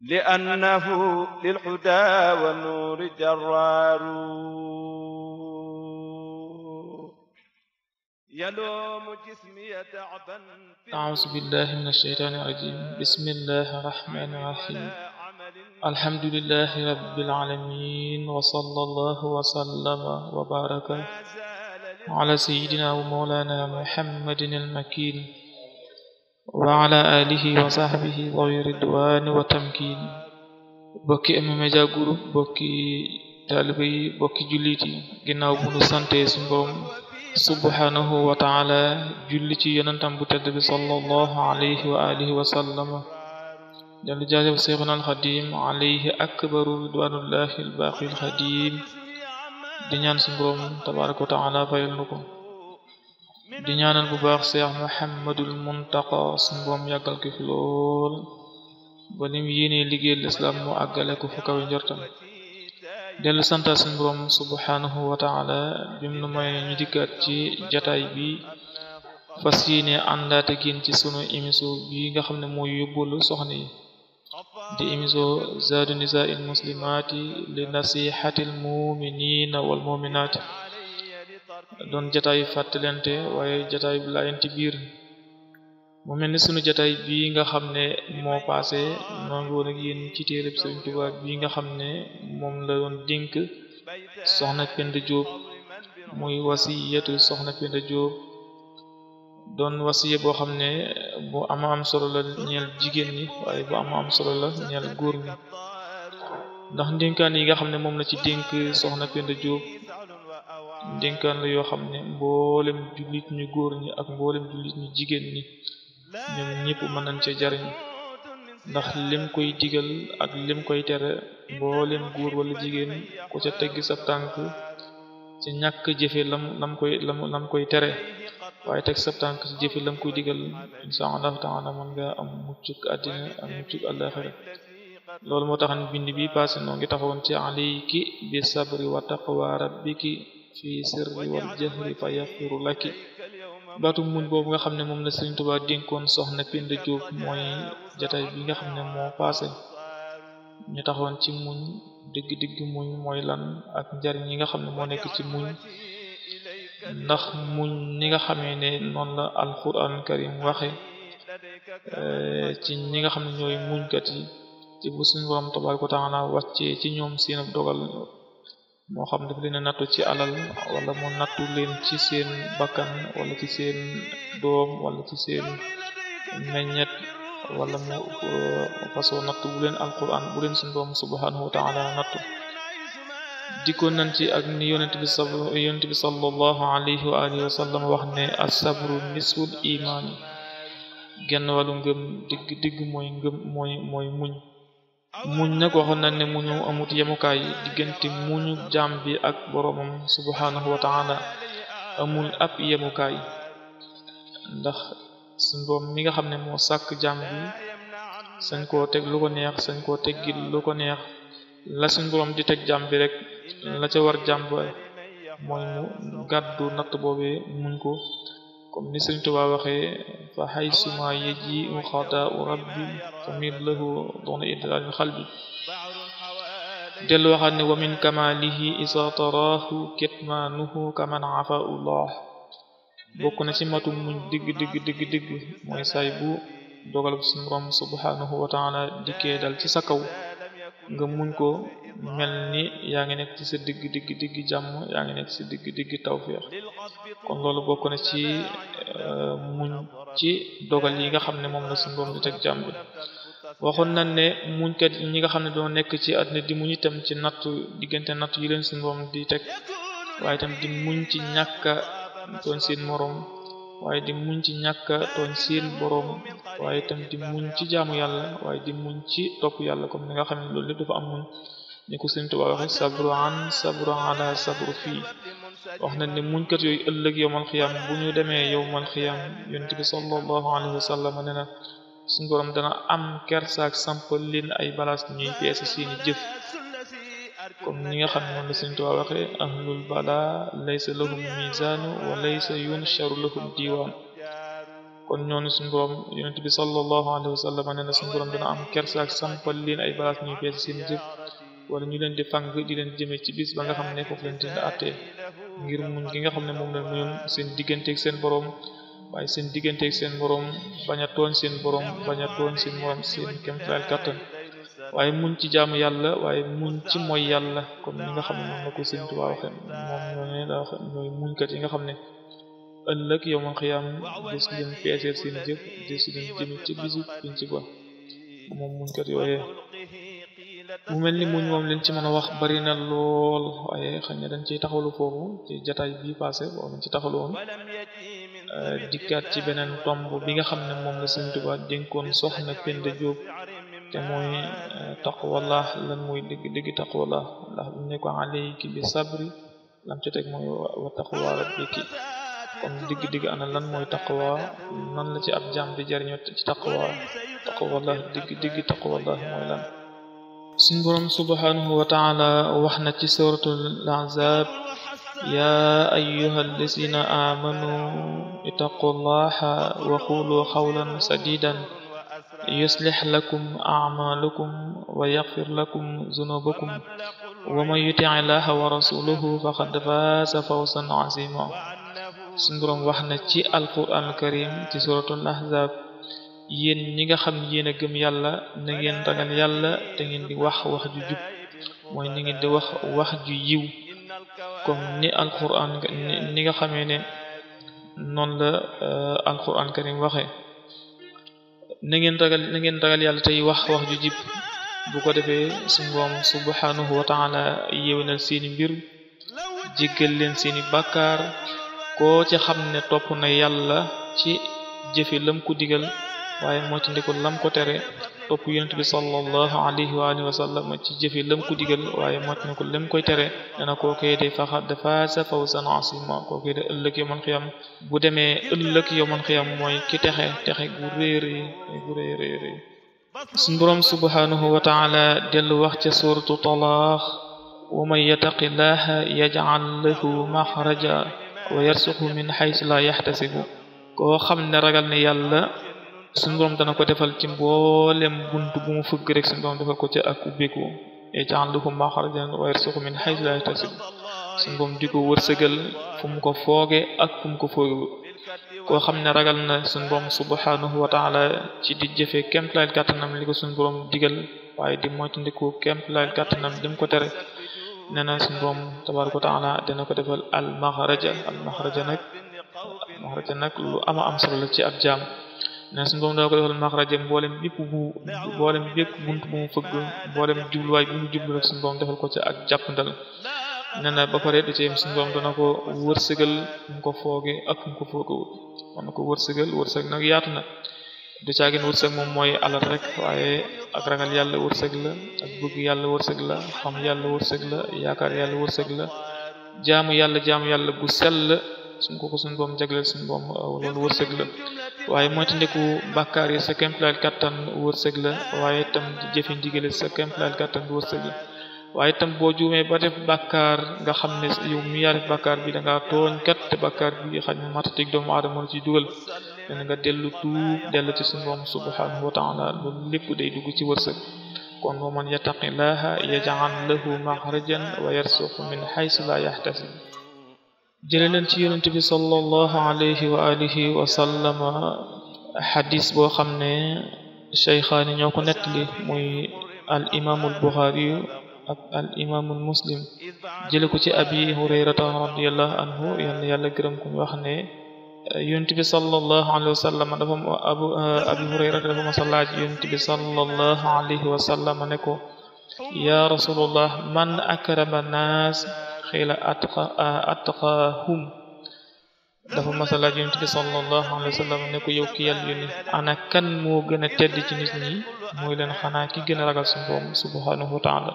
لأنه للحدى والنور جرار يلوم جسمي تعبا أعوذ بالله من الشيطان الرجيم بسم الله الرحمن الرحيم الحمد لله رب العالمين وصلى الله وسلم وبارك على سيدنا ومولانا محمد المكين وعلى آله وصحبه ذوي الرضوان والتمكين bokki M-Media Group bokki taalibe yi bokki jullit yi ginnaaw bu nu sante suñu Boroom subhanahu wa taala julli ci yonentam bu tedd bi sallallahu alayhi wa alihi wa sallam dellu jaajëf Seexuna Alxadim alayhi akbaru ridwanullahi albaqi alxadim di ñaan suñu Boroom tabaraka wa taala fayal nu ko di ñaanal bu baax seex Muhammadul Muntaqa suñu boom yàggal ko fi lool ba lim yéene lislaam mu àggale ko fu kawe njortam dellu santa suñu borom subhanahu wa taala bim nu may ñu ci jataay bi fas yéene àndaate génn ci sunu émission bi nga xam ne mooy yóbbalu soxna yi di émission zaadu nisaa il muslimaati li nasihatil muminina wal muminaati doon jataayu fàttalante waaye jataayu bu laayante biir mu mel ni sunu jataay bi nga xam ne moo paase noo ngi woon ak ci téereb Sëriñ Tuubaa nga xam ne moom la doon dénk soxna Penda Jóob wasi wasiyatu soxna Penda Jóob doon wasiya boo xam ne bu ama am solo la ñeel jigéen ñi waaye bu ama am solo la ñeel góor ñi ndax ndénkaan yi nga xam ne moom la ci dénk soxna Penda Jóob dénkaan la yoo xam ne mboolem jullit ñu góor ñi ak mboolem jullit ñu jigéen ñi ñoom ñëpp mën nañ cee jariñu ndax lim koy digal ak lim koy tere mboolem góor wala jigéen ko ca teggi sa tànk ci ñàkk jëfe lam lam koy lam lam koy tere waaye teg sa tànk jëfe lam koy digal insha allah taala mën nga am muccuk àddina ak muccuk àllaaxira loolu moo taxan bind bi passé noo ngi taxawoon ci alayki bi sabri wa taqwa ki fi sirri wal jahri fa yaghfiru laki baatu muñ boobu nga xam ne moom la Sëriñ Tuubaa dénkoon soxna Penda Jóob mooy jataay bi nga xam ne moo passé ñu taxawoon ci muñ digg digg muñ mooy lan ak njariñ yi nga xam ne moo nekk ci muñ ndax muñ ni nga xamee ne noonu la alquran karim waxe eh, ci ñi nga xam ne ñooy muñkat yi ci bu suñu borom tabaraka wa taala ci ñoom seen dogal moo xam daf leen nattu ci alal wala mu nattu leen ci seen bakkan wala ci seen doom wala ci seen meññet wala mu uh, façon nattu bu leen alquran bu leen suñu borom subhanahu wa taala nattu ci ak ni yonent bi sa yonent bi ne asabru nisful imaan yi genn ngëm digg digg mooy ngëm mooy muñ muñ nag waxoon nañ ne muñu amut yemukaay diggante muñu jaam bi ak boroomam subhanahu wa taala amul ab yemukaay ndax suñ borom mi nga xam ne moo sàkk jaam bi sañ koo teg lu ko neex sañ koo teggil lu ko neex la suñ di teg jaam bi rek la ca war jaam ba mooy mu gàddu natt boobee muñ ko comme ni Sëriñ Tuubaa waxee fa haysuma yeji u xataa u rabbi famin lahu doona idraarin xalbi dellu waxaat ne wa min kamalihi isa taraahu kitmaanuhu kaman afaullah bokk na ci matum muñ digg digg digg digg mooy say bu dogal bu sunu Boroom subhanahu wa taala dikkee dal ci sa kaw nga muñ ko mel ni yaa ngi nekk ci sa digg digg digg jàmm yaa ngi nekk ci digg digg tawféex kon loolu bokk na ci euh, muñ ci dogal yi nga xam ne moom la suñu borom di teg jàmm bi waxoon na ne muñkat ñi nga xam ne doo nekk ci àddina di muñ itam ci nattu diggante nattu yi leen suñu borom di teg waaye itam di muñ ci ñàkka doon seen moroom waaye di muñ ci ñàkka tooñ seen boroom waaye itam di muñ ci jaamu yàlla waaye di muñ ci topp yàlla comme ni nga xam ne loolu lépp dafa am muñ ni ko Sëriñ Tuubaa waxe sabru an sabru ala sabru fii wax nañ ne muñkat yooyu ëllëg yowmal xiyaam bu ñu demee yow yowmal xiyaam yonent bi sallallahu alayhi wa sallam ne na suñ boroom dana am kersaak sampal leen ay balaas ñuy peese seeni jëf comme ni nga xam ne moom la Sëriñ Tuubaa waxee ahlul bala laysa lahum mizaanu wa laysa yunsharu lahum diiwaan kon ñooñu suñu borom yonent bi sallallahu alayhi wa sallam nee na suñu borom dana am kersa ak sampal leen ay balaas ñuy fees seen jëf wala ñu leen di fang di leen jëmee ci bis ba nga xam ne foofu leen dina attee ngir muñ gi nga xam ne moom la muñoon seen digganteeg seen borom waaye seen digganteeg seen boroom baña tooñ seen borom bañ a tooñ seen borom seen kattan. waaye muñ ci jaamu yàlla waaye muñ ci mooy yàlla la ko Sëriñ Tuubaa waxe moom ñooñu la wax yi nga xam ne ëllëg yow ma xiyaam des leen peeseer seen jëf des leen jëmi ci bisu pinc ba moom muñkat yooyee mu mel ni muñ moom leen ci mën a wax bari na lool waaye xëy na dañ ciy taxalu foofu ci jataay bii passé boobu ci taxalu dikkaat ci beneen tomb bi nga xam ne moom la Sëriñ Tuubaa dénkoon soxna Penda Jóob te mooy eh, taqwallah lan mooy dëgg digg taqwallah ndax bu ne ko alayki bi sabri lam ci teg mooy wa taqwa rabbiki kon digg digg ana lan mooy taqwa man la ci ab jaam di jariñoo ci taqwa taqwallah digg digg taqwallah mooy lan suñ wa taala wax na ci suratul ahzab yaa ayyuha allazina amanu ittaqullaha wa qulu qawlan sadidan يصلح لكم أعمالكم ويغفر لكم ذنوبكم ومن يطع الله ورسوله فقد فاز فوزا عظيما suñu boroom wax na ci alquran karim ci suratul ahzab yéen ñi nga xam yéen a gëm yàlla na ngeen ragal yàlla te ngeen di wax wax ju jub mooy na ngeen di wax wax ju yiw comme ni alquran ni nga xamee ne noonu la euh, alquran karim waxee na ngeen ragal na ngeen ragal yàlla tey wax wax ju jib bu ko defee suñ boom subhanahu wa taala yéwénal seeni mbir jéggal leen seeni bàkkaar koo ci xam ne topp na yàlla ci jëfe lam ko digal waaye moytandiku lam ko tere topp yonent bi sallallahu alayhi wa alihi wa sallam ko digal waaye mot na ko lam koy tere dana kookee de faxat dafa sa fawzan asima kookee de ëllëg bu deme ëllëg yawmal xiyaam mooy ki texe texe gu réere gu réere suñ boroom subhanahu wax ca suuratu talaax wa man yattaqillaha yaj'al lahu maxraja wa yarsuqhu min xaysu la yaxtasibu koo xam ne ragal ne yàlla suñu borom dana ko defal ci mboolem bunt bu mu fëgg rek suñu borom defal ko ci ak ubbeeku yaj'al lahu maxrajan wa yarzuqhu min haysu laa yahtasib suñu borom di ko wërsëgal fu mu ko fooge ak fu mu ko foogewu koo xam ne ragal na suñu borom subhanahu wa taala ci di jëfe kemtalaay kàttanam li ko suñu borom diggal waaye di moytandiku kemtalaay kàttanam lim ko tere nee na suñu borom tabaraka wa dana ko defal al maxraja al maxraja nag al maxraja nag lu ama am solo la ci ab jaam ne suñ boom daa ko defal maxrajam mboolem bépp bu mboolem bépp bunt bu mu fëgg mboolem jubluwaay bu mu jublu rek suñ boom ko ci ak jàppandal ne na ba pare da ci yem suñ boom dana ko wërsëgal mu ko fooge ak mu ko foogewut dana ko wërsëgal wërsëg nag yaatu na du caagin wërsëg moom mooy alal rek waaye ak ragal yàlla wërsëg la ak bëgg yàlla wërsëg la xam yàlla wërsëg la yaakaar yàlla wërsëg la jaamu yàlla jaamu yàlla bu sell suñ ko ko suñ boom jagleel suñ boom uh, loolu wërsëg la waaye moytandiku bàkkaar yi sa kemtulaal kàttan wërsëg la waaye itam di jëfe ndigale sa kemtulaal kàttan wërsëg la waaye itam boo juumee ba def bàkkaar nga xam ne yow mi yaa def bàkkaar bi da ngaa tooñ kat te bàkkaar bi xaj matatik doomu aadama la ci dugal dana nga dellu tuub dellu ci suñu borom subhanahu wa taala loolu lépp day dugg ci wërsëg kon wa man yattaqillaha yaj'al lahu maxrajan wa yarsuqu min xaysu la yaxtasib jële nañ ci yonent bi sallallahu alayhi wa alihi wa sallama xadis boo xam ne cheykhaani ñoo ko nettali muy al imaamul buxaari yu ak ko ci abi hurayrata radiallahu anhu yàlla yàlla ko wax ne yonent bi sallallahu alayhi wa sallam dafa abu abi hurayrata dafa masa laaj yonent bi sallallahu ne ko yaa rasulullah man akrama naas xiila atqa atqahum dafa mas a laaj yonent bi sallallahu alayhi wa sallam ne ko yow ki yàlla yónni ana kan moo gën a tedd ci nit ñi mooy leen xanaa ki gën a ragal suñu borom subhanahu wa taala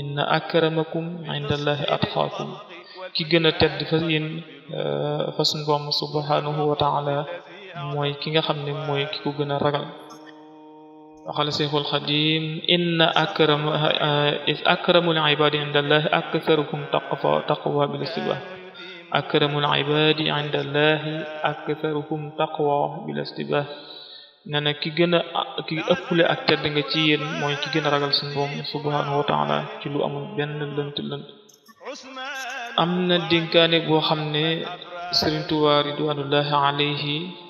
inna akramakum inda allahi atqaakum ki gën a tedd fa yéen fa suñu wa taala mooy ki nga xam ne mooy ki ko gën a ragal a Cheikhul Xadim inna akram akramul ibadi inda allahi aktharuhum taqwa taqwa bil istibah akramul ibadi inda allahi aktharuhum taqwa bil istibah nee na ki gën a ki ëpple ak tedd nga ci yéen mooy ki gën a ragal suñu boom subhanahu wa taala ci lu amul benn lënt lënt am na dénkaane boo xam ne Sëriñ Tuubaa ridwanullahi alayhi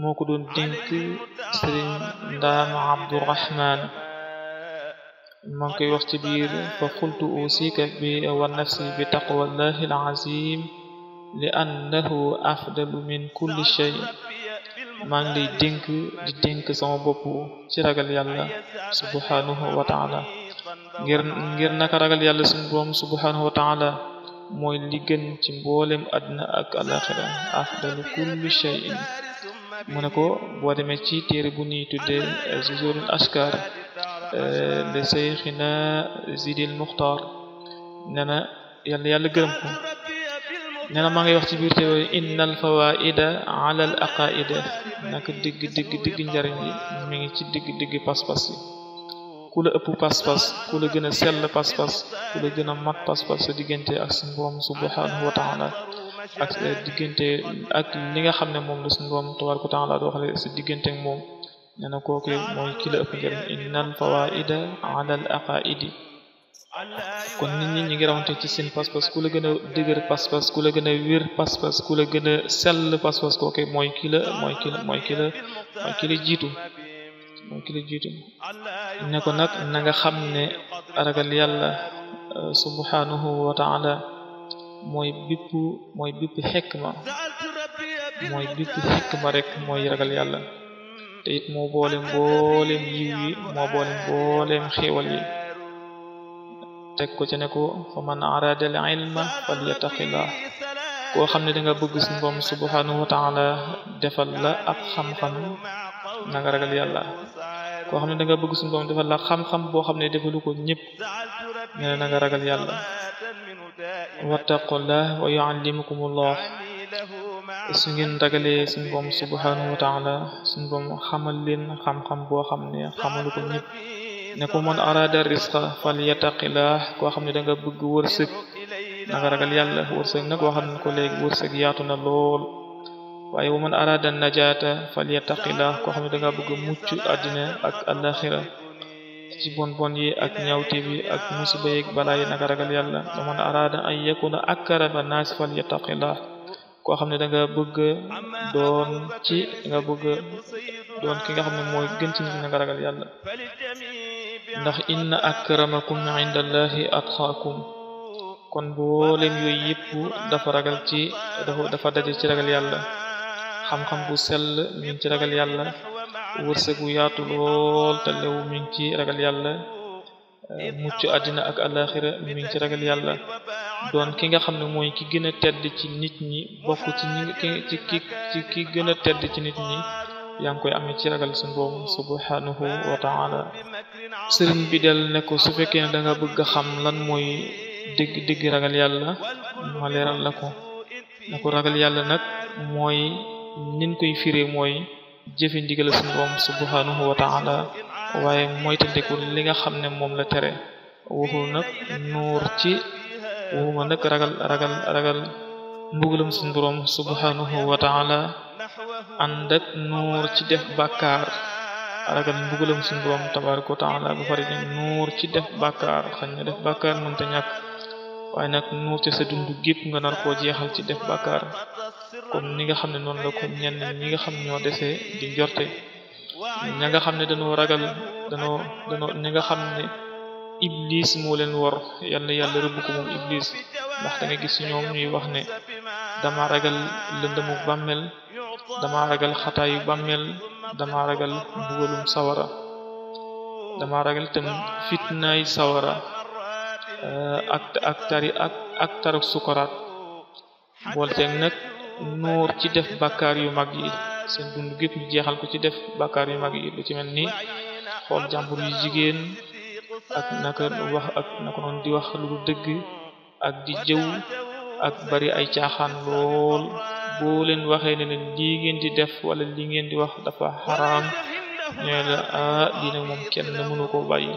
moo ko doon dénk sëriñ ndaama abdurahman maa ngi koy wax ci biir fa qultu usika bi wa nafsi bi taqwallahi alazim li annahu afdalu min kulli shay maa ngi lay di dénk sama bopp ci ragal yàlla subhanahu wa ngir naka ragal yàlla suñu borom subhanahu wa taala mooy li ci mboolem àddina ak alaxira afdalu kulli shayin mu ne ko boo demee ci téere bu tuddee tudde Zuhurul Ashkar euh, li Seyxina Zidil Muxtaar nee na yàlla yàlla gërëm ko nee na maa ngi wax ci biir téere inna al fawaida ala al aqaida naka digg digg njariñ mi ngi ci digg digg pas-pas yi ku la ëpp pas-pas ku la gën a sell pas-pas ku la gën a mat pas-pas sa diggante ak suñu borom subhanahu wa taala ak sa diggante li nga xam ne moom la suñu borom tabaaraka taala doxale sa diggante ak moom nee na kooku mooy ki la ëpp njëriñ innal fawaida ala al aqaidi kon nit ñi ñi ngi ci seen pas-pas ku la gën a dëgër pas-pas ku la gën a wér pas ku la gën a sell pas-pas kooku mooy ki la mooy ki la mooy ki la ki la jiitu mooy ki jiitu ne nag na nga xam ne ragal yàlla subhanahu wa taala mooy bépp mooy bépp xekma mooy bépp xekma rek mooy ragal yàlla te it moo boole mbooleem yiw yi moo boole mbooleem xéewal yi teg ko ci ne ko fa man aradal ilma fal yattaqillah koo xam ne da nga bëgg suñu borom subhanahu wa taala defal la ab xam-xam na nga ragal yàlla koo xam ne da nga bëgg suñu borom defal la xam-xam boo xam ne defalu ko ñëpp nee na nga ragal yàlla wattaqullah wa yuallimukumullah su ngeen ragalee suñ boom subhanahu wa taala suñ boom xamal leen xam-xam boo xam ne xamalu ko ñëpp ne ko man arada risqa fal yattaqillah koo xam ne da nga bëgg wërsëg da nga ragal yàlla wërsëg nag waxal na ko léegi wërsëg yaatu na lool waaye wa man arada najata fal yattaqillah koo xam ne daga nga bëgg mucc àddina ak alaxira ci bon bon yi ak ñawteef yi ak musiba yi ak balaa yi naka ragal yàlla ba man araada an yakuna akrama naas fal yattaqillah koo xam ne da nga bëgg doon ci da nga bëgg doon ki nga xam ne mooy gën ci nit nga ragal yàlla ndax inna akramakum inda allahi atqaakum kon boolem yooyu yëpp dafa ragal ci dafa dafa daje ci ragal yàlla xam-xam bu sell mi ngi ci ragal yàlla wërsëg wu yaatu lool te lew mi ngi ci ragal yàlla eh, mucc àddina ak alaxira mi ngi ci ragal yàlla doon ki nga xam ne mooy ki gën a tedd ci nit ñi bokk ci ki ci ki gën a tedd ci nit ñi yaa ngi koy amee ci ragal suñu boom subhanahu wa taala sëriñ bi del ne ko su fekkee ne da bëgg a xam lan mooy dégg dégg ragal yàlla ma la ko na ko ragal yàlla nag mooy nin koy firee mooy jëfi ndigal suñu borom subhanahu wa taala waaye moytandiku li nga xam ne moom la tere waxul nag nuur ci wuma nag ragal ragal ragal mbugalum suñu borom subhanahu wa taala nuur ci def bàkkaar ragal mbugalum suñu borom tabaraka wa taala ba pare ci def bàkkaar xañ na def bàkkaar mënta ñàkk waaye nag nuur ci sa dund gépp nga nar koo jeexal ci def bàkkaar comme ni nga xam ne noonu la comme ñenn ñi nga xam ñoo desee di njorte ña nga xam ne dañoo ragal dañoo dañoo ña nga xam ne iblis moo leen war yal na yàlla rëbb ko moom iblis ndax da nga gis ñoom ñuy wax ne dama ragal lëndëmu bàmmeel dama ragal xataayu bàmmeel dama ragal mbugalum sawara dama ragal tam fitnaay sawara euh, ak ak tari ak ak tarak sukaraat bool teeg nag nuur ci def bàkkaar yu mag yi seen dund gépp ñu jeexal ko ci def bàkkaar yu mag yi lu ci mel ni xool jàmbur yu jigéen ak naka wax ak di wax lu dëgg ak di jëw ak bari ay caaxaan lool boo leen waxee ne leen ngeen di def wala li ngeen di wax dafa xaraam ñoo la ah lii nag moom kenn mënu ko bàyyi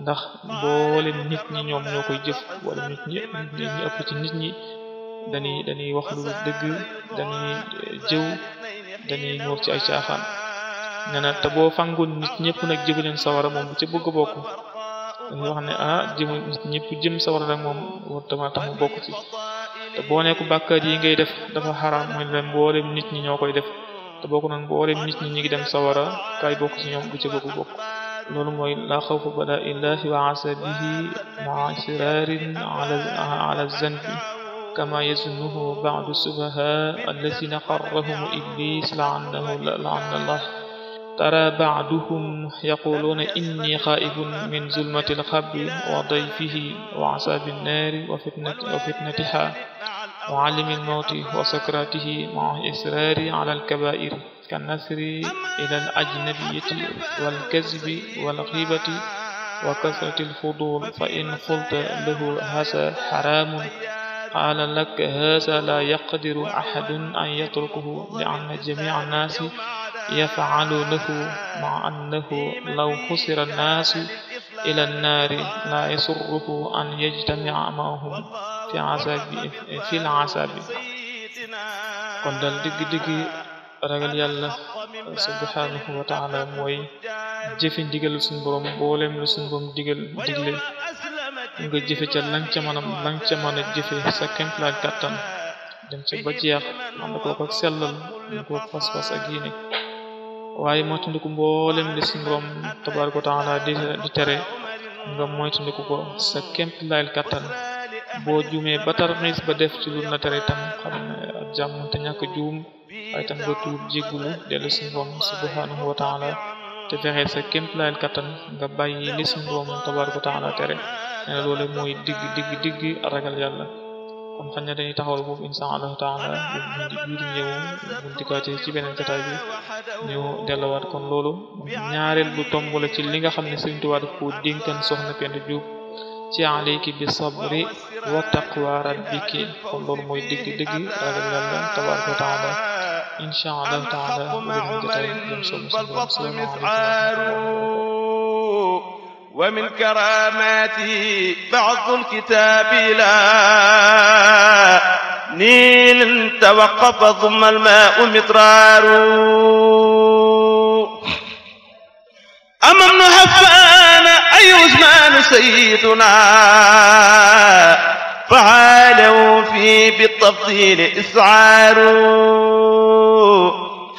ndax boo leen nit ñi ñoom ñoo koy jëf wala nit ñi ñi ëpp ci nit ñi dañuy dañuy wax dëgg dañuy eh, jëw dañuy ngor ci ay caaxaan nee na te boo fàngoon nit ñëpp nag jëbaleen sawara moom bu ca bëgg a bokk dañuy wax ne ah jëmu nit ñëpp jëm sawara moom war tax mu bokk ci boo nekku bàkkaar yi ngay def dafa xaraam mooy leen mbooleem nit ñi ñoo koy def te bokk noonu mbooleem nit ñi ñi ngi dem sawara kaay bokk ci ñoom bu ca bëgg bokk loolu mooy la xawfa bala illahi wa asabihi maa shirarin ala ala zanbi كما يظنه بعض السفهاء الذين قرهم إبليس لعنه لعن الله ترى بعضهم يقولون إني خائف من ظلمة القبر وضيفه وعذاب النار وفتنة وفتنتها وعلم الموت وسكراته مع إصراري على الكبائر كالنسر إلى الأجنبية والكذب والغيبة وكثرة الفضول فإن قلت له هذا حرام qaala laka haza laa yaqdiru axadun an yatrukahu li anna jamiica nnaasi yafcalu lahu maca annahu law xusira nnaasu ila nnaari laa yasurruhu an yajtamica macahum fi casaabi fi lcasaabi kon daal digg-digg ragal yàlla subhaanahu wa taala mooy jëfe ndigal suñu borom mboolem lu suñu borom digal digle nga jëfe ca lang ca mën a lang ca a jëfe sa kemplaat kàttan dem ca ba jeex ànd kook ak sellal ànd kook pas-pas ak yéene waaye moytandiku mboolem li si ngoom tabaaraka wa taala di tere nga moytandiku ko sa kemplaat kàttan boo juumee ba tarxiis ba def ci lu na tere tam xam ne ab jàmm juum waaye tam nga tuub jéggulu dellu si ngoom subhanahu wa taala te fexeel sa kémtlayel kattan nga bàyyi li suñu borom tabaraka taala tere nee na mooy digg digg digg ragal yàlla kon xam ne dañuy taxawal foofu insha allahu taala bii di ñëw buntikoo ci ci beneen bi ñu delluwaat kon loolu ñaareel bu tomb la ci li nga xam ne Sëriñ Tuubaa daf koo dénkan soxna Penda Diop ci alayki bi sabri wa taqwa rabbiki kon loolu mooy digg digg ragal yàlla tabaraka إن شاء الله تعالى بالفصل مسعار ومن كراماته بعض الكتاب لا نيل توقف ضم الماء مطرار أما ابن حفان أي عثمان سيدنا فعالوا في بالتفضيل إسعار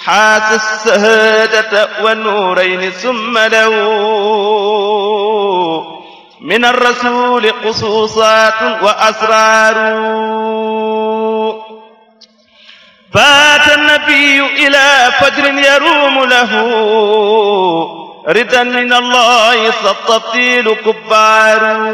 حاس السهادة والنورين ثم له من الرسول قصوصات وأسرار فات النبي إلى فجر يروم له ردا من الله سططيل كبار